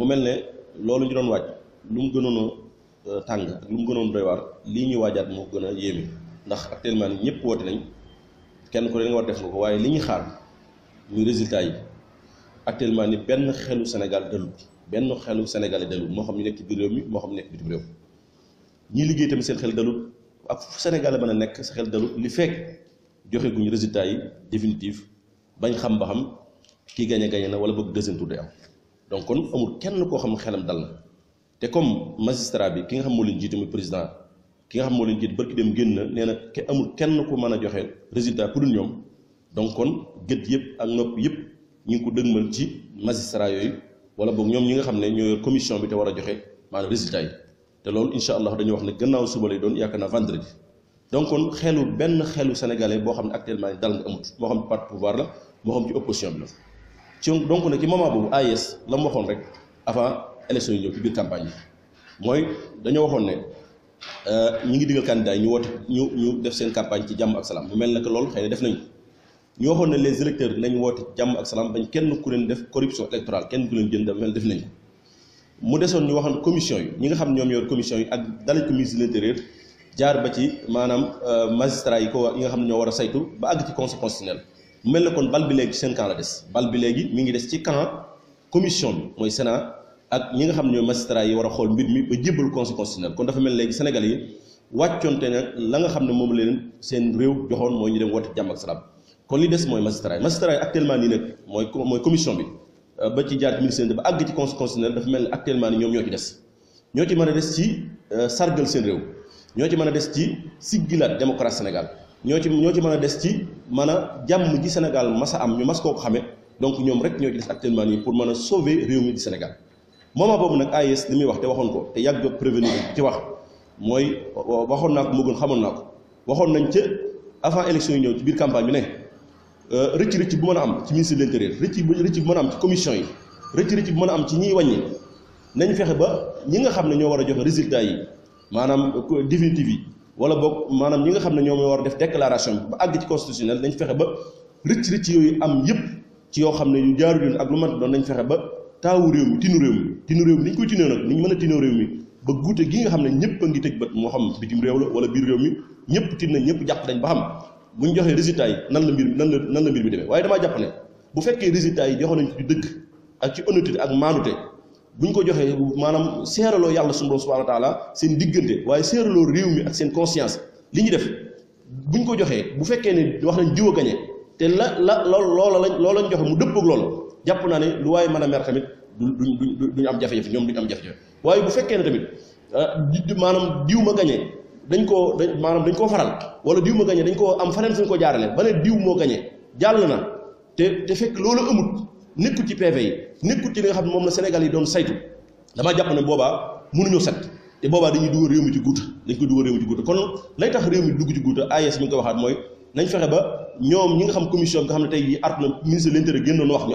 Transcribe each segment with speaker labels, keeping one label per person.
Speaker 1: mu mel ne loolu ñu doon waaj lu mu gënoon euh, tàng ak lu mu gënoon doy lii ñuy waajaat moo gën a yéeme ndax actuellement nii ñëpp woote nañ kenn ku ne nga war def nga ko waaye li ñuy xaar muy résultat yi actellement ni benn xelu Sénégal dellu benn xelu Sénégal dellu moo xam ñu nekk ci biir réew mi moo xam ñu nekk bitim réew ñii liggéey tamit seen xel dalul ak fu mën a nekk sa xel li fekk joxe guñu résultat yi définitif bañ xam ba xam kii gañe gañe na wala bëgg deuxième tour day am donc kon amul kenn koo xam ne xelam dal na te comme magistrat bi ki nga xam moo leen jiite muy président ki nga xam moo leen jiite barki dem génn na nee na ke amul kenn ku mën a joxe résultat ku dul ñoom donc kon gët yëpp ak nopp yëpp ñu ngi ko dëgmal ci magistrat yooyu wala boog ñoom ñi nga xam ne ñoo yor commission bi te war a joxe maanaam résultat yi te loolu incha allah dañu wax ne gannaaw suba lay doon yaakaar naa vendredi donc kon xelu benn xelu sénégalais boo xam ne actuellement dal nga amut moo xam ci parti pouvoir la moo xam ci opposition bi la ci donc ne ci moment boobu AES la mu waxoon rek avant élection yi ñëw ci biir campagne bi mooy dañoo waxoon ne euh, ñi ngi digal candidat yi ñu woote ñu ñu def seen campagne ci jàmm ak salaam mu mel ne loolu xëy na def nañu ñu waxoon ne les électeurs nañ woote jàmm ak salaam bañ kenn ku leen def corruption électorale kenn ku leen jënd mel def nañ mu desoon ñu waxoon commission yi ñi nga xam ñoom yor commission yi ak dale ko ministre de jaar ba ci maanaam euh, magistrat yi ko yi nga xam ne ñoo war a saytu ba àgg ci conseil constitutionnel mel ne kon bal bi léegi seen camp la des bal bi léegi mi ngi des ci camp commission bi mooy Sénat ak ñi nga xam ne ñooy magistrat yi war a xool mbir mi ba jébbal conseil constitutionnel kon dafa mel léegi Sénégal yi wàccoonte nag la nga xam ne moom la leen seen réew joxoon mooy ñu dem woote jàmm ak salaam kon li des mooy magistrat yi magistrat yi actuellement nii nag mooy mooy commission bi euh, ba ci jaar ci ministère ba àgg ci conseil constitutionnel dafa mel ne actuellement ni ñoo des ñoo ci mën a des ci euh, sargal seen réew ñoo ci mën a des ci siggilaat démocratie Sénégal ñoo ci ñoo ci mën a des ci mën a jàmm ji Sénégal mas a am ñu mas koo ko xamee donc ñoom rek ñoo ci des actuellement nii pour mën a sauver réew mi di Sénégal moment boobu nag AIS li muy wax te waxoon ko te yàgg prévenir ci wax mooy waxoon naa ko mu gën xamoon naa ko waxoon nañ ca avant élection yi ñëw ci biir campagne bi ne euh, rëcc rëcc bu mën a am ci ministre de l'intérieur rëcc rëcc bu mën a am ci commission yi rëcc rëcc bu mën a am ci ñiy wàññi nañ fexe ba ñi nga xam ne ñoo war a joxe résultat yi maanaam euh, définitive yi wala boog maanaam ñi nga xam ne ñoom war def déclaration bi ba àgg ci constitutionnel dañ fexe ba rëcc rëcc yooyu am yëpp ci yoo xam ne yu jaarul yoon ak lu mat doon nañ fexe ba taawu réew mi tinu réew mi tinu réew mi ni ñu koy tinoo nag ni ñu mën a tinoo réew mi ba guute gi nga xam ne ñëpp a ngi tëj bët moo xam bitim réew la wala biir réew mi ñëpp tin nañ ñëpp jàpp nañ ba xam bu ñu joxee résultat yi nan la mbir nan la nan la mbir bi demee waaye damaa jàpp n bu fekkee résultat yi joxoon nañ ci dëgg ak ak maanute bu ñu ko joxee maanaam seeraloo yàlla sunu borom subhanahu wa seen diggante waaye seeraloo réew mi ak seen conscience li ñu def bu ñu ko joxee bu fekkee ne wax nañ jiw a gañe te la la loola lañ loola joxe mu dëpp ak loolu jàpp naa ne lu waaye mën a mer tamit duñ duñ duñ am jafe ñoom duñ am jafe waaye bu fekkee ne tamit ah, maanaam diw ma gañe dañ koo dañ maanaam dañ ko faral wala diw ma gañe dañ koo am faneen suñ ko jaarale ba ne diw moo gañe jàll na te te fekk loolu amut nekkul ci PV yi. nekkut ci li nga xam ne moom la Sénégal yi doon saytu dama jàpp ne boobaa mënuñoo set te boobaa dañuy dugal réew mi ci guuta dañ koy dugal réew mi ci guuta kon lay tax réew mi dugg ci guuta AES mi ngi ko waxaat mooy nañ fexe ba ñoom ñi nga ne tey yi art na ministre de l'intérieur nañu wax ñu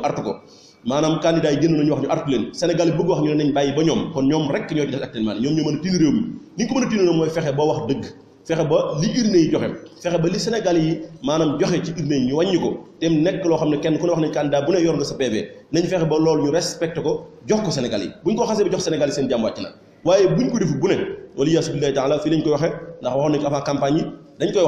Speaker 1: artu leen Sénégal bi bëgg wax ñu ne nañ bàyyi ba ñoom kon ñoom rek ñoo ci des actuellement ñoom ñoo mën a tiinu réew mi ni ñu mën a tiinu mooy fexe ba wax dëgg fexe ba li urne yi joxe fexe ba li Sénégal yi maanaam joxe ci urne yi ñu wàññi ko te nekk loo xam ne kenn ku ne wax nañ candidat bu ne yor nga sa PV nañ fexe ba loolu ñu respecté ko jox yi buñ ko xasee ba jox Sénégal seen jàmm waaye buñ ko defu bu ne wala yaasu lañ koy waxee ndax waxoon nañ ko avant campagne yi dañ koy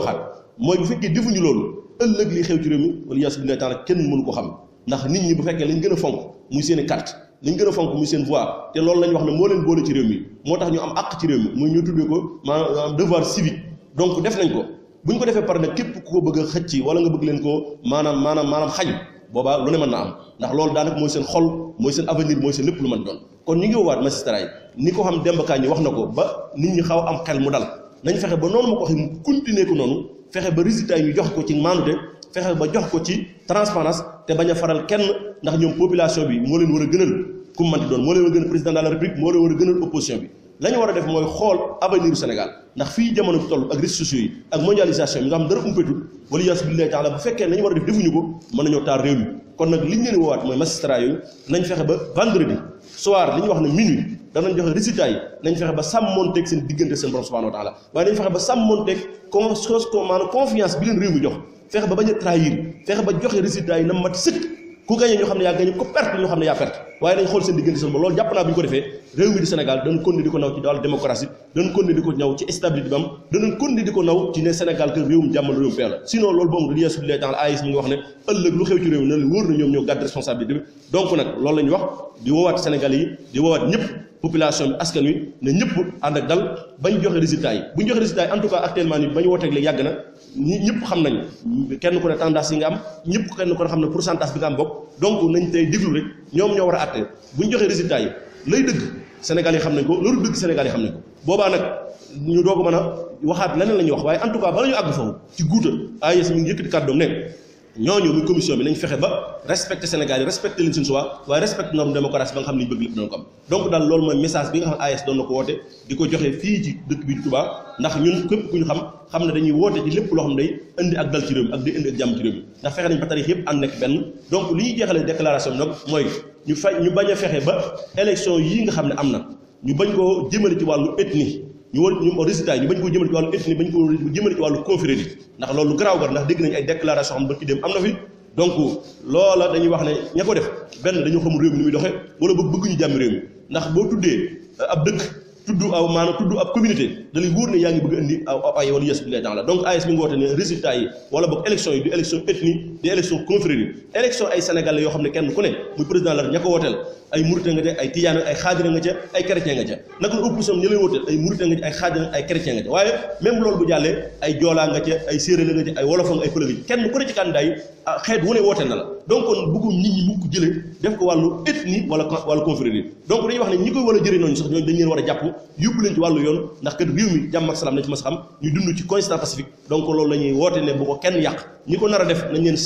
Speaker 1: mooy bu fekkee loolu ëllëg li xew ci réew mi wala yaasu billahi kenn mënu ko xam ndax nit ñi bu fekkee lañ gën a fonk muy seen i carte lañ gën a seen voix te loolu lañ wax ne moo leen boole ci réew mi moo tax ñu am àq ci réew ñu tuddee ko maanaam devoir civique donc def nañ ko buñ ko defee par na képp ko bëgg a xëcc wala nga bëgg leen ko manam manam manam xañ boba lu ne mën na am ndax lool da daanaka moy seen xol moy seen avenir moy seen lepp lu mën doon kon ñi ngi waat magistrat yi ni ko xam demb kañ ñi wax nako ba nit ñi xaw am xel mu dal nañ fexé ba nonu ma ko waxee continuer ko nonu fexé ba résultat yi ñu jox ko ci maanute fexé ba jox ko ci transparence té baña faral kenn ndax ñom population bi mo leen wara gënal ku mu di doon mo leen wara gënal président de la république mo leen wara gënal opposition bi la war a def mooy xool avenir Sénégal ndax fii jamono toll ak réseaux sociaux yi ak mondialisation bi nga xam dara umpetul wala yaas billahi taala bu fekkee nañu war a def defuñu ko mën nañoo taal réew mi kon nag liñ leen woowaat mooy magistrat yooyu nañ fexe ba vendredi soir li ñu wax ne minuit danañ joxe résultat yi nañ fexe ba sàmmonteeg seen diggante seen borom subhanahu wa taala waaye nañ fexe ba sàmmonteeg con maanaam confiance bi leen réew mi jox fexe ba bañ a trahir fexe ba joxe résultat yi na mat sëkk ku gagné ñu xamné ya gagné ku perte ñu xamné ya perte waaye dañ xol seen diggante seen bopp loolu jàpp naa bu ko défé réew mi di Sénégal dañ continuer diko naw ci daal démocratie dañ continuer diko ñaw ci stabilité bam am dañ continuer di naw ci né Sénégal ke réewum jàmm réew réewum paix sinon loolu boobu li yeesu lee tax la AIS mi ngi wax né ëlëk lu xew ci réew mi na leen na ñoom ñoo gàdd responsabilité donc nak loolu lañ wax di woowat Sénégalais yi di woowat ñëpp population bi askan wi ne ñëpp ànd ak dal bañ joxe résultat yi buñ joxe résultat yi en tout cas actuellement ni bañ bañu ak léegi yàgg na ñi ñëpp xam nañ kenn ku ne tendance yi nga am ñëpp kenn ko ne xam ne pourcentage bi nga am bokk donc nañ tey déglu rek ñoom ñoo war a àtte bu ñu joxee résultat yi lay dëgg Sénégal yi xam nañ ko loolu dëgg Sénégal yi xam nañ ko boobaa nag ñu doog mën a waxaat leneen la ñuy wax waaye en tout cas bala ñu àgg foofu ci guuta AES mi ngi yëkkati kàddoom ne ñooñu ñu commission bi nañ fexe ba respecté Sénégal yi respecté liñ suñu choix waaye respect norme démocratie ba nga xam ne bëgg lépp dana ko am donc daal loolu mooy message bi nga xam AS doon na ko woote di ko joxe fii ci dëkk bi Touba ndax ñun képp ku ñu xam xam ne dañuy woote ci lépp loo xam day indi ak dal ci réew mi ak di indi ak jàmm ci réew mi ndax fexe nañ ba tarix yëpp ànd nekk benn donc li ñuy jeexale déclaration bi nag mooy ñu fa ñu bañ a fexe ba élection yii nga xam ne am na ñu bañ koo jëmale ci wàllu ethnie ñu war ñu résultat bañ ko jëmale ci wàllu ethnie bañ ko jëmale ci wàllu confrérie ndax loolu garaaw gar ndax dégg nañu ay déclaration xam ba ci am na fi donc loola dañuy wax ne ña ko def benn dañoo xamul réew mi ni muy doxee wala bëgg bëgguñu ñu jàmm réew mi ndax boo tuddee euh, ab dëkk tudd aw maanaam tudd ab communauté da lay wóor ne yaa ngi bëgg a indi aw ay wala yes bi lay dans la donc AS mi ngi woote ne résultat yi wala boog élection yi du élection ethnie du élection confrérie élection yoo xam ne kenn ku ne muy président la ña ko ay murite nga ca ay tijaan ay xaadira nga ca ay chrétien nga ca naka la opposition ñu lay wóotal ay murite nga ca ay xaadira ay chrétien nga ca waaye même loolu bu jàllee ay joolaa nga ca ay séeréer nga ca ay wolofa nga ne ah, la donc kon bëggum nit ñi mukk jëlee def ko wàllu ethnie wala wala confrérie donc dañuy wax ne ñi koy war a jëri noonu dañ leen war a jàpp yóbbu leen ci wàllu yoon ndax kat réew mi jàmm ak nañ ci mas ñu dund ci constat pacifique donc loolu la ñuy woote ne bu ko kenn yàq ñi ko nar a def nañ leen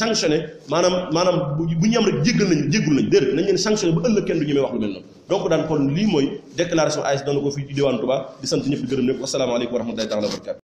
Speaker 1: maanaam maanaam bu ñu am rek jéggal nañu jéggul nañ déedéet nañ leen kenn du ñemee wax lu mel noonu donc daan kon lii mooy déclaration AS doon na ko fii ci diwaan Touba di sant ñëpp di gërëm ñëpp wasalaamaaleykum wa rahmatullahi taala wa barakatu